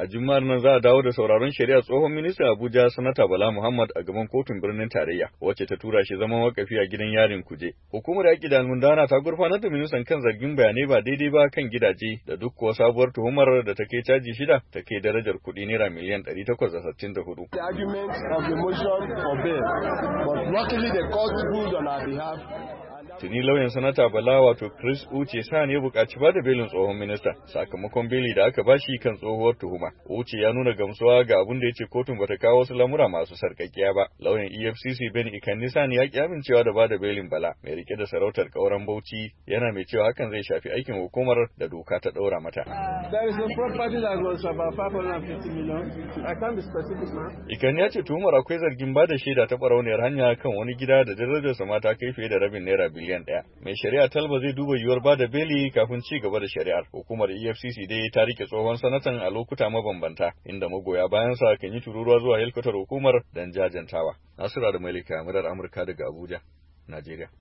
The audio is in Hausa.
A juma'ar nan za a dawo da sauraron shari'a tsohon minista Abuja Sanata Bala Muhammad a gaban kotun birnin tarayya wacce ta tura shi zaman wakafi a gidan yarin kuje. Hukumar yaƙi da almundana ta gurfanar da ministan kan zargin bayanai ba daidai ba kan gidaje da duk kuwa sabuwar tuhumar da ta kai caji shida ta kai darajar kuɗi naira miliyan ɗari takwas da sittin da hudu. argument of tuni lauyan sanata bala wato chris uche sani ya bukaci ba da belin tsohon minista sakamakon beli da aka bashi kan tsohuwar tuhuma uche ya nuna gamsuwa ga abin da ya ce kotun bata kawo wasu lamura masu sarkakkiya ba lauyan efcc ben ikanni sani ya ki amincewa da ba da belin bala mai rike da sarautar kauran bauchi yana mai cewa hakan zai shafi aikin hukumar da doka ta ɗaura mata ikanni ya ce tuhumar akwai zargin ba da shaida ta barauniyar hanya kan wani gida da darajarsa mata kai fiye da rabin naira biyu biliyan ɗaya. Mai shari'a Talba zai duba yiwuwar bada beli kafin ci gaba da shari'ar. Hukumar EFCC dai ta rike tsohon sanatan a lokuta mabambanta inda magoya bayan sa kan yi tururuwa zuwa helkwatar hukumar don jajantawa. Nasira da Malika, Amurka daga Abuja, Najeriya.